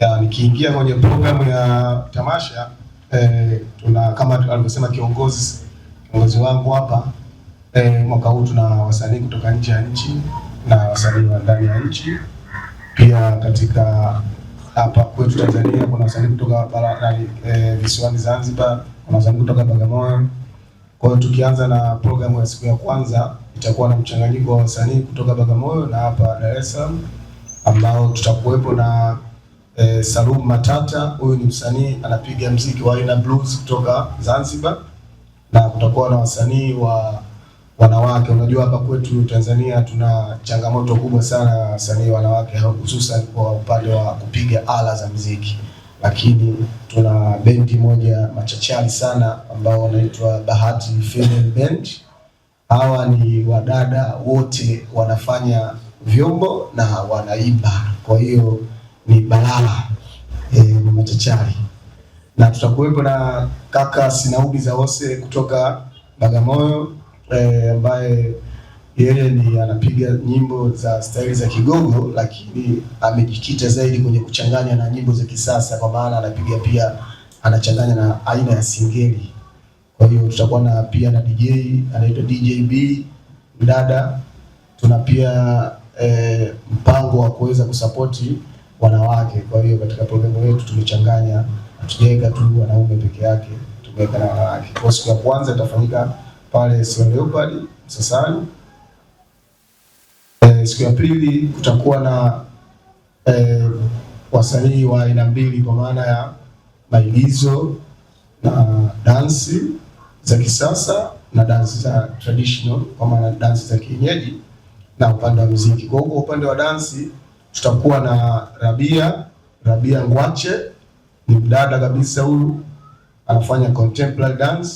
ya, nikiingia kwenye programu ya tamasha eh, tuna kama alivyosema kiongozi kiongozi wangu hapa eh, mwaka huu tuna wasanii kutoka nje ya nchi na wasanii wa ndani ya nchi pia. Katika hapa kwetu Tanzania kuna wasanii kutoka bara eh, visiwani Zanzibar, kuna wasanii kutoka Bagamoyo. Kwa hiyo tukianza na programu ya siku ya kwanza itakuwa na mchanganyiko wa wasanii kutoka Bagamoyo na hapa Dar es Salaam ambao tutakuwepo na eh, Salum Matata. Huyu ni msanii anapiga mziki wa aina blues kutoka Zanzibar, na kutakuwa na wasanii wa wanawake. Unajua hapa kwetu Tanzania tuna changamoto kubwa sana ya wasanii wanawake, hususan kwa upande wa kupiga ala za mziki, lakini tuna bendi moja machachari sana ambao wanaitwa Bahati Female Band. Hawa ni wadada wote wanafanya vyombo na wanaimba, kwa hiyo ni Balala e, Mama na tutakuwepo na kaka Sinaudi Zawose kutoka Bagamoyo eh, ambaye e, yeye ni anapiga nyimbo za staili za Kigogo, lakini amejikita zaidi kwenye kuchanganya na nyimbo za kisasa, kwa maana anapiga pia anachanganya na aina ya singeli. Kwa hiyo tutakuwa na pia na DJ anaitwa DJ B Mdada. Tuna pia e, mpango wa kuweza kusapoti wanawake. Kwa hiyo katika programu yetu tumechanganya, hatujaweka tu wanaume peke yake, tumeweka na wanawake. Kwa siku ya kwanza itafanyika pale Sion Leopard Msasani. E, eh, siku ya pili kutakuwa na e, wasanii wa aina mbili kwa maana ya maigizo na dansi za kisasa na dansi za traditional kwa maana dansi za kienyeji na upande wa muziki. Kwa hiyo upande wa dansi tutakuwa na Rabia Rabia Ngwache, ni mdada kabisa huyu, anafanya contemporary dance.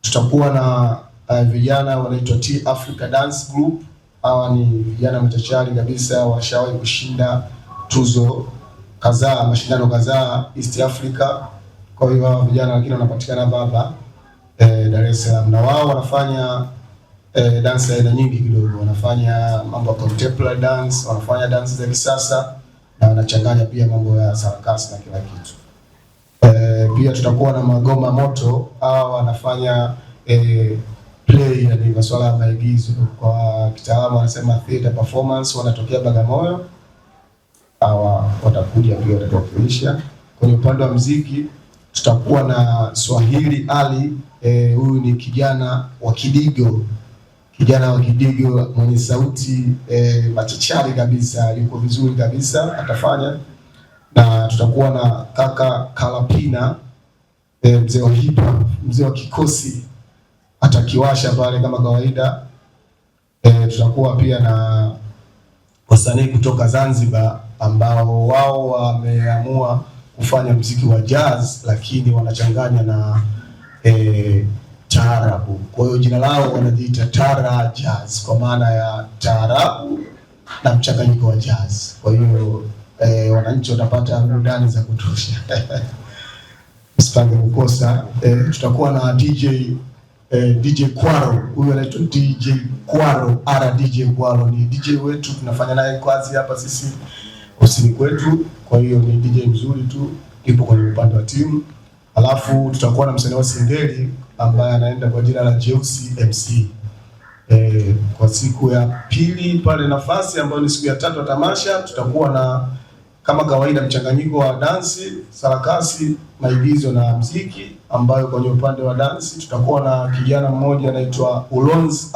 Tutakuwa na uh, vijana wanaitwa T Africa Dance Group. Hawa ni vijana machachari kabisa, washawahi kushinda tuzo kadhaa, mashindano kadhaa East Africa. Kwa hiyo hawa vijana lakini wanapatikana hapa hapa eh, Dar es Salaam, na wao wanafanya eh, dance aina nyingi kidogo, wanafanya mambo ya contemporary dance, wanafanya dance za kisasa na wanachanganya pia mambo ya sarakasi na kila kitu. Eh, pia tutakuwa na magoma moto, hawa wanafanya eh, play, yani masuala ya maigizo, kwa kitaalamu wanasema theater performance, wanatokea Bagamoyo. Hawa watakuja pia watatuwakilisha. Kwenye upande wa mziki tutakuwa na Swahili Ali, eh, huyu eh, ni kijana wa Kidigo kijana wa Kidigo mwenye sauti e, machachari kabisa, yuko vizuri kabisa, atafanya na tutakuwa na kaka Kalapina e, mzee wa hip hop, mzee wa kikosi atakiwasha pale kama kawaida. E, tutakuwa pia na wasanii kutoka Zanzibar ambao wao wameamua kufanya mziki wa jazz lakini wanachanganya na e, taarabu. Kwa hiyo jina lao wanajiita Tara Jazz kwa maana ya taarabu na mchanganyiko wa jazz. Kwa hiyo eh, wananchi watapata burudani za kutosha msipange kukosa. Eh, tutakuwa na DJ eh, DJ Kwaro, huyu anaitwa DJ Kwaro ara DJ Kwaro ni DJ wetu, tunafanya naye kazi hapa sisi ofisini kwetu. Kwa hiyo ni DJ mzuri tu, ipo kwenye upande wa timu, alafu tutakuwa na msanii wa Singeli ambaye anaenda kwa jina la Jeusi MC e, kwa siku ya pili pale nafasi ambayo ni siku ya tatu ya tamasha, tutakuwa na kama kawaida mchanganyiko wa dansi, sarakasi, maigizo na mziki, ambayo kwenye upande wa dansi tutakuwa na kijana mmoja anaitwa Ulonzi